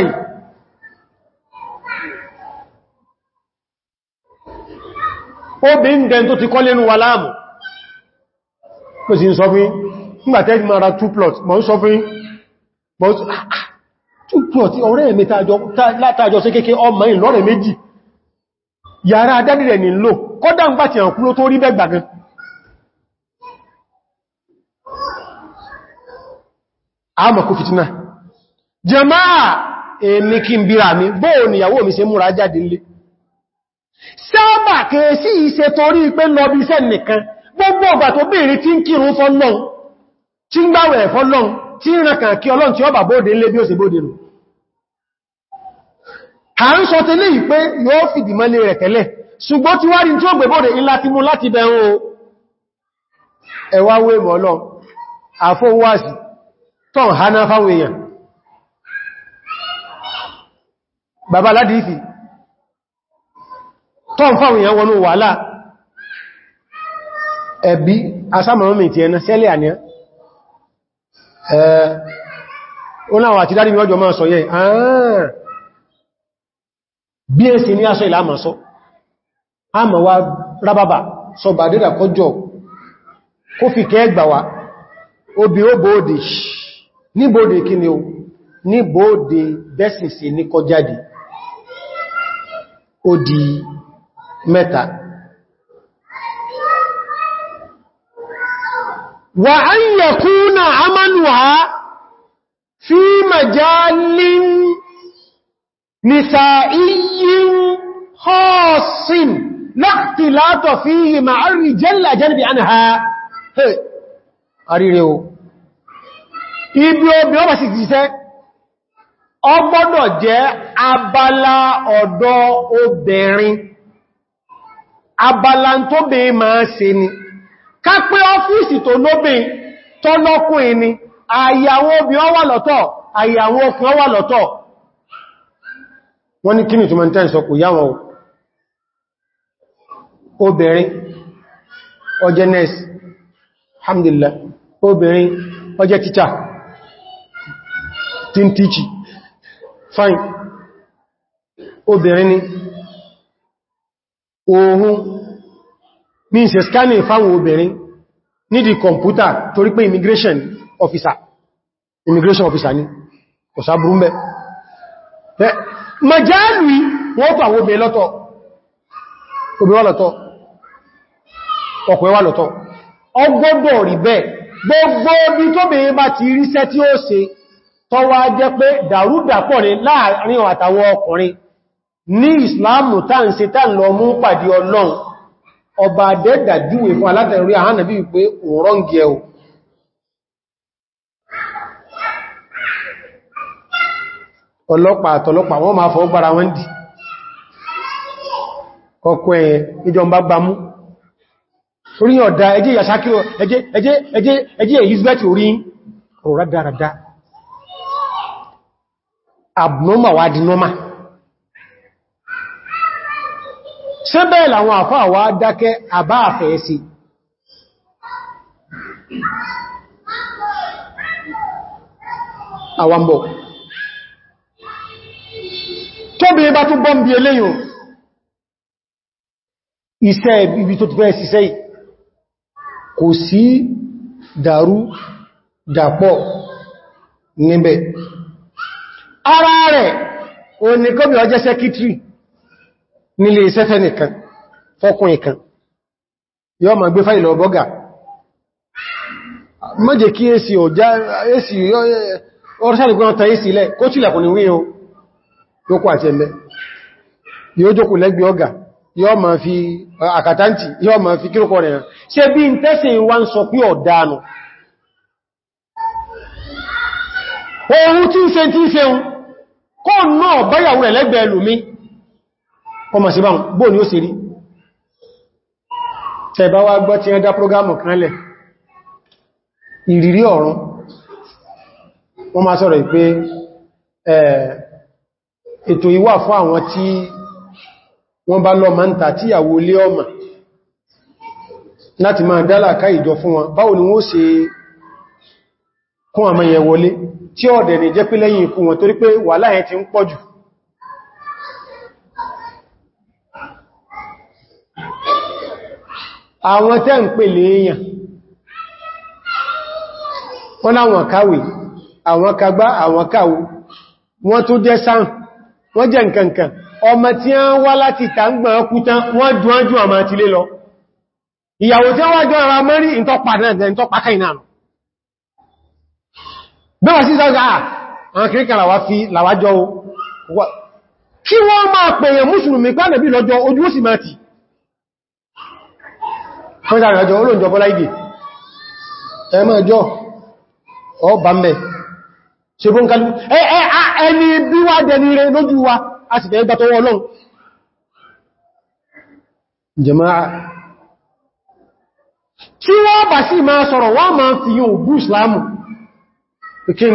obi ń dẹn tó ti kọ́ lẹ́nu wà láàmù sí ń sọ nígbàtẹ́ ìgbìmọ̀ ara two ń sọ fún but ah, ah, two plots ọ̀rẹ́ ẹ̀mẹ́ látàjọ sí kéèké ọmọ ìlú ọ̀rẹ́ méjì yàrá adádì rẹ̀ ní lò kọ́dá ń pàtì àǹkú ló tó rí èmi kí sáàbà kèé sí ìṣe torí pé lọ́bí iṣẹ́ nìkan gbogbo ọgbà tó bèèrè tí ń kírun fọ́lọ́n tí ń gbáwẹ̀ fọ́lọ́n tí ń rẹ̀kàn kí ọlọ́n tí ó bà bóòdé lé bí ó sì bóòdé nù a ń sọ tẹ́lẹ̀ yìí pé yóò fìdí mọ́lé rẹ̀ tẹ́lẹ̀ ṣùgbọ́n tí wá rí tí ó gbé bóòdé ńlá ti mú láti bẹ̀ ohun ẹwà wé mọ́ lọ àfóhùwàsì tọ́n hana fáwọn èèyàn bàbá tó ń fáwọn èèyàn wọnú wàhálà ẹ̀bí asámọ̀mí ti ẹ̀nà sẹ́lẹ̀ àníyàn oláwọ̀ àti dárí mọ́jọ máa sọ yẹ bí i sí ní aṣọ ìlà àmà sọ àmà wa rábàbà sọ bàdídà kọjọ kó fi kẹ́ ẹgbà wa obì ó bóòdì ní bóòdì kí ni o ní bóòdì bẹ́sìn sí ní kọjáde ó di mẹ́ta wà án yẹ kúnà amánúwà fi majalin nisa'iyin hosin láktìlátọ̀ fi yìí ma'arì jẹ́lá jẹ́lẹ̀bì an ha àríre o ibi obi ọba sì ti sẹ́ ọgbọ́dọ̀ jẹ́ abala ọ̀dọ́ obìnrin abalantóbe máa ṣe ni ká pé ọ́fíìsì tó lóbe tọ́lọ́kùn ẹni àyàwó obi ọ wà lọ́tọ̀ àyàwó ọkùn ọ wà lọ́tọ̀ wọ́n ní kíni tó mọ̀ tẹ́ ìsọkù yáwọn obìnrin ọjẹ́ nẹ́ẹ̀sì alhamdulillah obìnrin ọjẹ́ tíchà tí ń tíchì fine obìnrin ni oòrùn mi ṣe scanning fáwọn obìnrin nídi kọmpútà torí pé immigration officer immigration officer ni ọ̀sá burúmbẹ̀ majáàlùí wọ́n tó àwọn obìnrin lọ́tọ̀ obìnrin lọ́tọ̀ ọkùnrin wà lọ́tọ̀ ọgbọ́dọ̀ rí bẹ́ẹ̀ gbogbo bí tó bèèrè bá ti ríṣẹ́ tí ó ṣe tọ́wàá jẹ́ pé dàrúdàpọ̀ ní láàrin àtàwọn ọkùnrin ní ìsìláàmù táà ń ṣe táà lọ mú pàdé ọlọ́run ọba dẹ́dà júwe fún alátẹ̀rí àhánà bí wípé òrọ́ǹgì ẹ̀ ọlọ́pàá àtọlọ́pàá wọ́n máa fọ́ gbára wọ́n dì ọkọ̀ ẹ̀ ìjọmbá gbámú orí ọ̀dá ẹjẹ́ ṣe bẹ́ẹ̀ làwọn àfáà wá dákẹ́ àbá àfẹ́ẹ̀sì àwambọ̀ tóbi bá tún bọ́m bí eléyìn iṣẹ́ ibi tó ti fẹ́ ṣiṣẹ́ kò sí dàrú dàpọ̀ níbẹ̀ ara rẹ̀ òní kọ́bí ọjẹ́ sẹ́kítírì nílé iṣẹ́ fẹ́nìkan fọ́kún ìkan yọ́ ma gbé fáìlì ọgọ́gà mọ́jẹ̀ kí èsì ọjá èsì ọ̀rọ̀sàrìgbọ́n ta èsì ilẹ̀ kó tí lẹ̀kùn níwé o yóò kó àti ẹ̀lẹ́ yóò jókù lẹ́gbẹ̀ẹ́ ọgà yóò ma fi àkàtàntì yóò ma fi kírùkọ rẹ̀ ṣe bí n tẹ́sẹ̀ wá ń sọ pé tí ń ṣe tí kó náà báyàwó rẹ̀ ọmọ sí bá bó ní ó sì rí tẹ̀bá wá gbọ́ tí ẹ dá prógámù kanlẹ̀ ìrírí ọ̀run wọ́n máa sọ̀rọ̀ pé ètò ìwà fún àwọn tí wọ́n bá lọ mọ́ntà tí ìyàwó lé ọmọ láti máa dálà ká ìjọ fún wọn báwo ni wọ́n ṣe kún àmọ́ yẹn wọlé tí ọ̀dẹ̀ ní jẹ́ pé lẹ́yìn ikú wọn torí pé wàhálà yẹn ti ń pọ̀jù àwọn tẹ́ ń pè léèyàn wọ́n láwọn kàwé àwọn kagbá àwọn kàwó wọ́n tó jẹ́ sáà wọ́n jẹ́ nkankan ọmọ tí a ń wá láti tàǹgbà ọkúta wọ́n dúnjú àmà ti lé lọ ìyàwó tí wọ́n jẹ́ ara mẹ́rin ìntọ́pàá náà bẹ́wà sí sáà àwọn kìríkà làwájọ́ kí wọ́n máa pèèyàn mùsùlùmí pàdàbí lọ́jọ́ ojú ó sì máa ti wọ́n dára àjọ olóòjọ́ bọ́lá ìdè ẹmọ́ ẹjọ́ ṣe bụ ń ẹni bí wá dẹni rẹ lójú wa a sì fẹ́ gbàtọwọ́ ọlọ́run jama'a wọ́n bà sí máa sọ̀rọ̀ wọ́n máa fi yíò bú islamu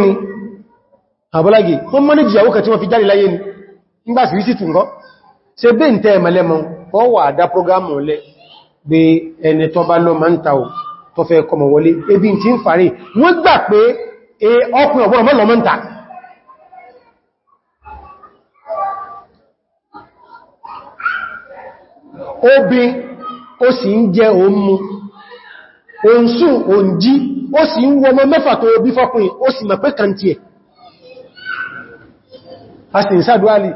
ni. àbọ́lági wọ́n mọ́ ní wọ́n fi jáde láyé ni sí pé ẹni tó bá lọ máa ń ta ò tó fẹ́ kọmọ̀ wọlé ebi tí ń fàárí wọ́n gbà pé e, ọkùnrin ọ̀bọ̀n mọ́lọ máa ń ta obi ó sì ń jẹ òun mu òun òun jí ó sì ń wọ mẹ́fà tó bí fọ́kùnrin ó sì mọ̀ pé kàntí ẹ̀ a sì ń sáàdúwàlì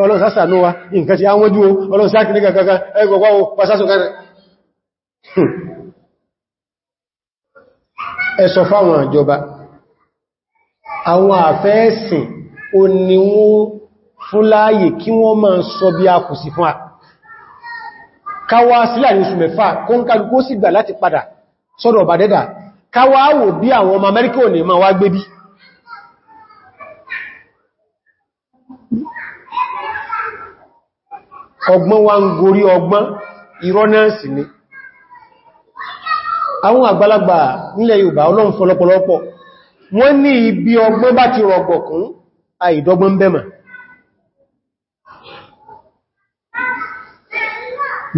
ọlọ́run sásà ní wa nǹkan tí a wọ́n dúó ọlọ́run sáàkì ní kankan ẹgbọ̀gbọ́ o pàṣásùn kan ẹ̀sọ̀ fáwọn ìjọba àwọn àfẹ́ẹ̀sìn o ni wọ́n fún láàyè kí wọ́n máa sọ bí a kù sí fún a káwàá sílẹ̀ ọgbọ́n wa ń gorí ọgbọ́n irọ́ náà sì ni àwọn àgbàlagbà nílẹ̀ Yorùbá Ọlọ́run fọlọ́pọlọpọ̀ wọ́n ní ibi ọgbọ́n bá ti rọgbọ̀kún àìdọ́gbọ́n bẹ́mà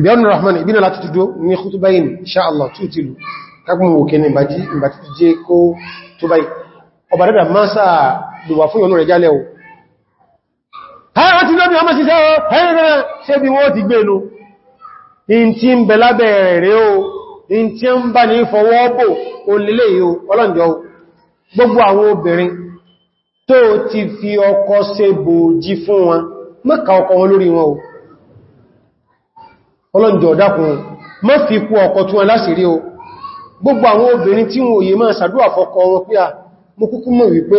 bíọ́nù Rahman ìbínà láti tudu ní kútúbáyìn insha Allah tí ó ti lù kágbùn òkè ha tí lọ́bí ọmọ ti gbé oh. oh. oh. gbogbo àwọn obìnrin tó ti fi ọkọ ṣe bòójí fún wọn mọ́ka ọkọ wọn lórí wọn o ọlọ́njọ́ fi kú ọkọ tí wọn o gbogbo àwọn obìnrin tí wọn òye máa fọ́kọ wọn kúkú mọ̀ wípé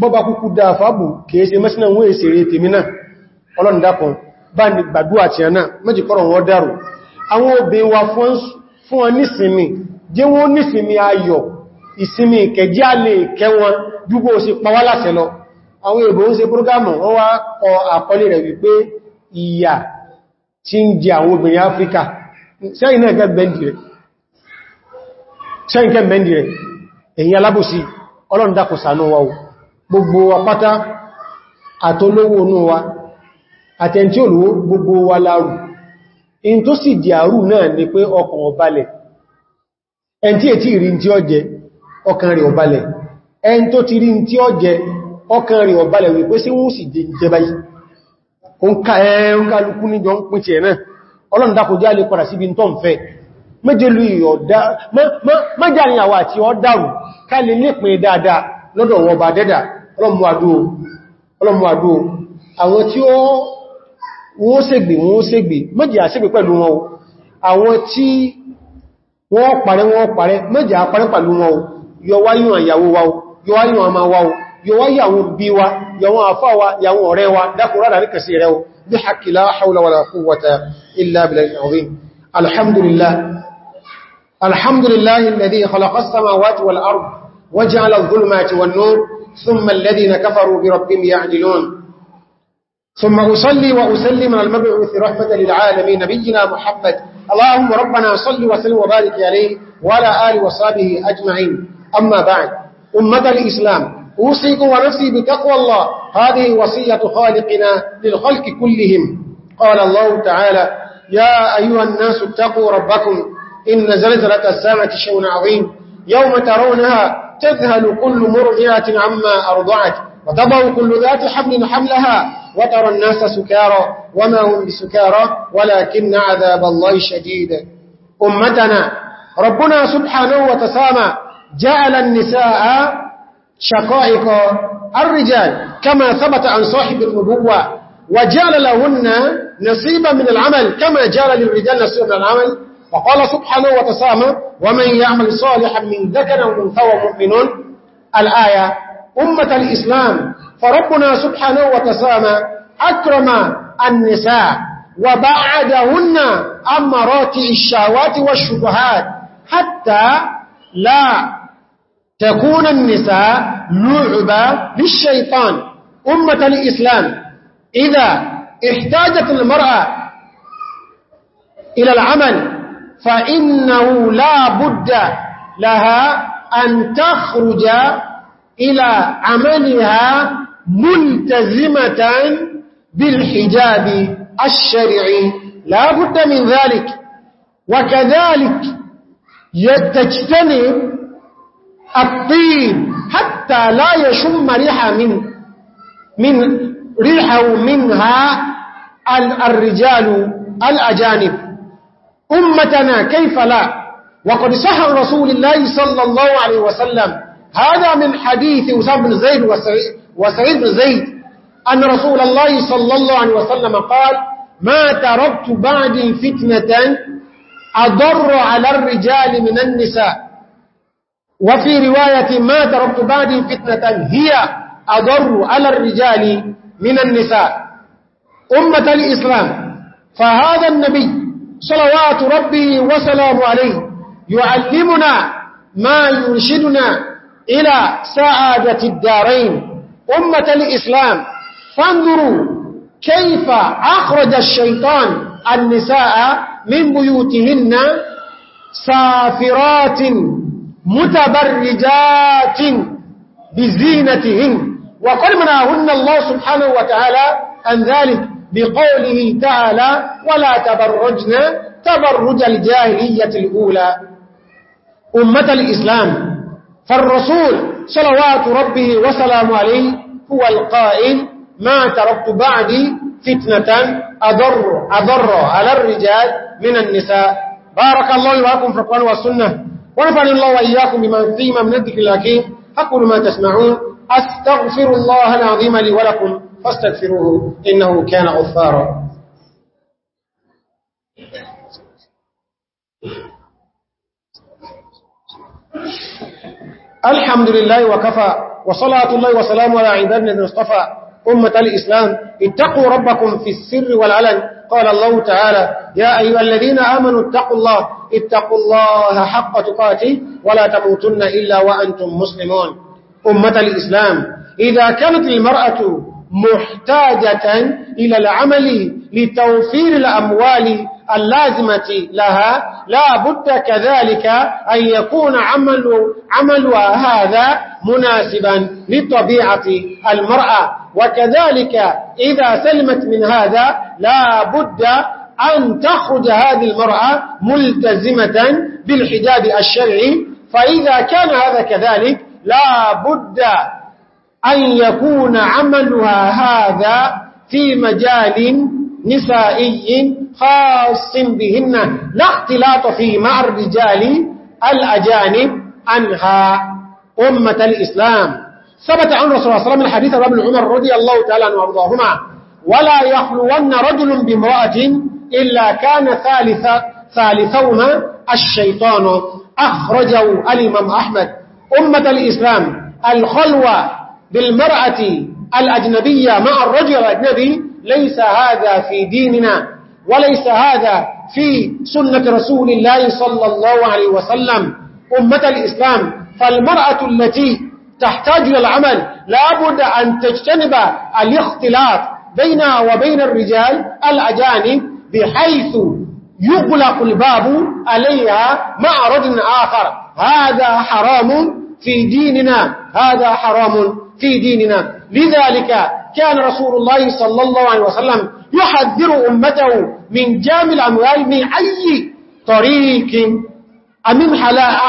bọ́bá kúkú dáa fábù kìí ṣe mẹ́sìnà wọ́n èsì rẹ̀ tèmi náà ọlọ́ndàpọ̀ bá ní gbàdú àti àná méjì kọ́rọ̀ wọ́n dárò àwọn obìnrin wa fún wọn nísìnmi jẹ́ wọ́n nísìnmi ayọ̀ ìsinmi ìkẹjí alè kẹwọn dúgbò sí pàwálàṣẹ lọ àwọn èbò ń ṣe púrógámù wọ́n wá kọ àkọlé rẹ̀ wípé ìyà tí ń jẹ àwọn obìnrin Áfíríkà sẹ́yìn náà gẹ́gbẹ̀ndì rẹ̀ ẹ̀yìn alábòsí ọlọ́ndàkùsànú wa o gbogbo wa pátá àtọlówó inú wa àtẹntí olówó gbogbo wa láàrù in tó sì di àrù náà ni pé ọkàn ọ̀balẹ̀ ẹn tí ètí ìrìn tí ó jẹ ọkàn rẹ̀ ọ̀balẹ̀ ẹn tó ti rí tí ó jẹ ọkàn rẹ̀ ọ̀balẹ̀ wípé sí wọ́n sì jẹ báyìí oǹkàlùkú níjọ ń pín ti ìyọ̀dá ni àwà dáadáa lọ́dọ̀ ọlọ́mù àdó àwọn tí ó wọ́n ṣègbè wọ́n ṣègbè méjì àṣègbè pẹ̀lú wọn o àwọn tí wọ́n parẹ́ wọ́n parẹ́ méjì àparẹ́ pẹ̀lú wọn o yọwáyùn àyàwó wa o yọwáyùn àmà wa o yọwáyàwó bí wa yọwọ́n àfá wa yàwọ́n ọ̀rẹ́ wa dákùnrádà ní kẹsì rẹ o bí haqqi la hawla wala ثم الذين كفروا بربهم يعدلون ثم أصلي وأسلم المبعوث رحمة للعالمين نبينا محمد اللهم ربنا صل وسلم وبارك عليه ولا آل وصابه أجمعين أما بعد أمة الإسلام أوصيك ونفسي بتقوى الله هذه وصية خالقنا للخلق كلهم قال الله تعالى يا أيها الناس اتقوا ربكم إن زلزلة السامة شون عظيم يوم ترونها تذهل كل مرضعة عما أرضعت وتضع كل ذات حمل حملها وترى الناس سكارى وما هم بسكارى ولكن عذاب الله شديد أمتنا ربنا سبحانه وتسامى جعل النساء شقائق الرجال كما ثبت عن صاحب النبوة وجعل لهن نصيبا من العمل كما جعل للرجال نصيبا من العمل وقال سبحانه وتسامى ومن يعمل صالحا من ذكر ومنثى مؤمن الآية أمة الإسلام فربنا سبحانه وتسامى أكرم النساء وبعدهن عن مراتئ الشهوات والشبهات حتى لا تكون النساء لعبة للشيطان أمة الإسلام إذا احتاجت المرأة إلى العمل فإنه لا بد لها أن تخرج إلى عملها ملتزمة بالحجاب الشرعي لا بد من ذلك وكذلك يتجتنب الطين حتى لا يشم ريحة من من ريحه منها الرجال الأجانب أمتنا كيف لا وقد صح رسول الله صلى الله عليه وسلم هذا من حديث وسعيد بن زيد وسعيد بن زيد أن رسول الله صلى الله عليه وسلم قال ما تركت بعد فتنة أضر على الرجال من النساء وفي رواية ما تركت بعد فتنة هي أضر على الرجال من النساء أمة الإسلام فهذا النبي صلوات ربي وسلام عليه يعلمنا ما يرشدنا إلى سعادة الدارين أمة الإسلام فانظروا كيف أخرج الشيطان النساء من بيوتهن سافرات متبرجات بزينتهن وقد منعهن الله سبحانه وتعالى عن ذلك بقوله تعالى ولا تبرجنا تبرج الجاهلية الأولى أمة الإسلام فالرسول صلوات ربه وسلام عليه هو القائل ما تركت بعدي فتنة أضر, أضر على الرجال من النساء بارك الله وعاكم في القرآن والسنة ونفعني الله وإياكم بما فيما من الذكر الأكيم أقول ما تسمعون أستغفر الله العظيم لي ولكم فاستغفروه إنه كان غفارا الحمد لله وكفى وصلاة الله وسلامه على عباد المصطفى أمة الإسلام اتقوا ربكم في السر والعلن قال الله تعالى يا أيها الذين آمنوا اتقوا الله اتقوا الله حق تقاته ولا تموتن إلا وأنتم مسلمون أمة الإسلام إذا كانت المرأة محتاجة إلى العمل لتوفير الأموال اللازمة لها لا بد كذلك أن يكون عمل عمل هذا مناسبا لطبيعة المرأة وكذلك إذا سلمت من هذا لا بد أن تخرج هذه المرأة ملتزمة بالحجاب الشرعي فإذا كان هذا كذلك لا بد أن يكون عملها هذا في مجال نسائي خاص بهن لا اختلاط فيه مع الرجال الأجانب عنها أمة الإسلام ثبت عن رسول الله صلى الله عليه وسلم الحديث رب عمر رضي الله تعالى وارضاهما ولا يخلون رجل بامرأة إلا كان ثالث ثالثهما الشيطان أخرجوا الإمام أحمد أمة الإسلام الخلوة بالمرأة الأجنبية مع الرجل الأجنبي ليس هذا في ديننا وليس هذا في سنة رسول الله صلى الله عليه وسلم أمة الإسلام فالمرأة التي تحتاج إلى العمل لابد أن تجتنب الاختلاط بينها وبين الرجال الأجانب بحيث يغلق الباب عليها مع رجل آخر هذا حرام في ديننا هذا حرام في ديننا لذلك كان رسول الله صلى الله عليه وسلم يحذر أمته من جام الأموال من أي طريق أمن,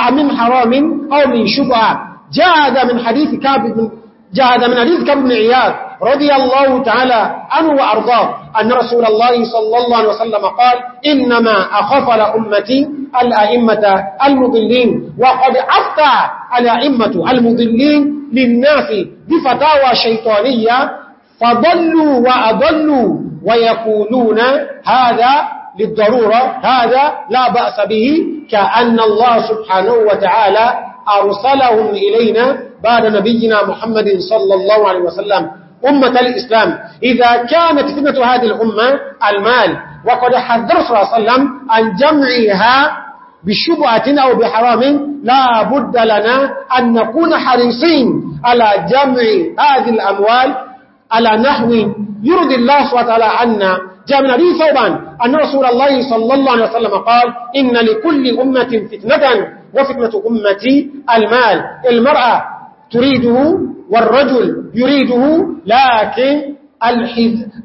أمن حرام أو من شبعة جاء هذا من حديث كعب بن جاء من حديث كعب بن عياد رضي الله تعالى عنه وأرضاه أن رسول الله صلى الله عليه وسلم قال إنما أخفل أمتي الأئمة المضلين وقد أفتى الأئمة المضلين للناس بفتاوى شيطانية فضلوا وأضلوا ويقولون هذا للضرورة هذا لا بأس به كأن الله سبحانه وتعالى أرسلهم إلينا بعد نبينا محمد صلى الله عليه وسلم أمة الإسلام إذا كانت فتنة هذه الأمة المال وقد حذر صلى الله عليه وسلم عن جمعها بشبعة أو بحرام لا بد لنا أن نكون حريصين على جمع هذه الأموال على نحو يرضي الله سبحانه وتعالى عنا جاء من أبي أن رسول الله صلى الله عليه وسلم قال إن لكل أمة فتنة وفتنة أمتي المال المرأة تريده والرجل يريده لكن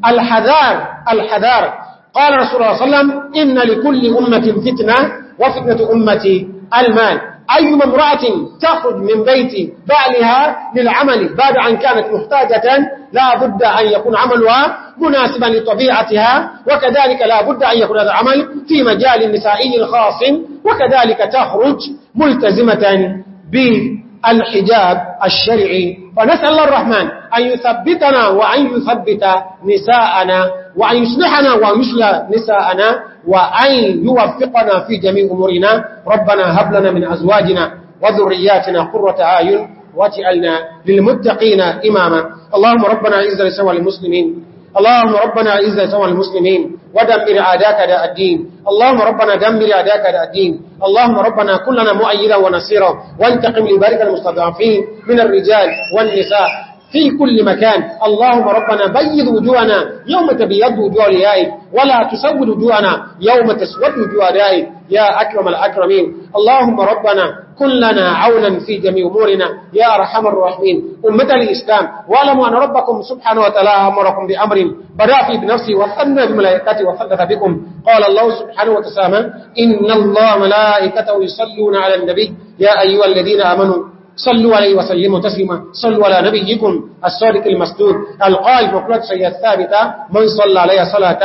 الحذار الحذار قال رسول الله صلى الله عليه وسلم إن لكل أمة فتنة وفتنة أمتي المال أيما امرأة تخرج من بيت بعلها للعمل بعد أن كانت محتاجة لا بد أن يكون عملها مناسبا لطبيعتها وكذلك لا بد أن يكون هذا العمل في مجال نسائي خاص وكذلك تخرج ملتزمة بالحجاب الشرعي ونسأل الله الرحمن أن يثبتنا وأن يثبت نساءنا وأن يصلحنا ويصلح نساءنا وأن يوفقنا في جميع أمورنا ربنا هب لنا من أزواجنا وذرياتنا قرة آيون واجعلنا للمتقين إماما اللهم ربنا عز لسوى المسلمين اللهم ربنا عز سوى المسلمين ودمر عاداك داء الدين اللهم ربنا دمر عاداك داء الدين اللهم ربنا كلنا مؤيدا ونصيرا وانتقم لبارك المستضعفين من الرجال والنساء في كل مكان اللهم ربنا بيض وجوهنا يوم تبيض وجوه ريائك ولا تسود وجوهنا يوم تسود وجوه ريائك يا أكرم الأكرمين اللهم ربنا كن لنا عونا في جميع أمورنا يا أرحم الراحمين أمة الإسلام وعلموا أن ربكم سبحانه وتعالى أمركم بأمر بدأ في بنفسي وفن بملائكة وفلث بكم قال الله سبحانه وتسامى إن الله ملائكته يصلون على النبي يا أيها الذين آمنوا صلوا عليه وسلموا تسليما صلوا على نبيكم الصادق المسدود القائل مقلت شيء الثابتة من صلى عليه صلاة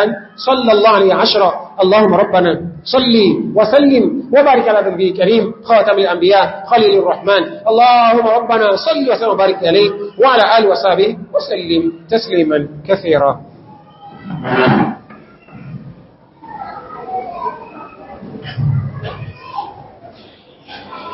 صلى الله عليه عشرة اللهم ربنا صلي وسلم وبارك على ذنبي كريم خاتم الأنبياء خليل الرحمن اللهم ربنا صلي وسلم وبارك عليه وعلى آل وسابه وسلم تسليما كثيرا Amen.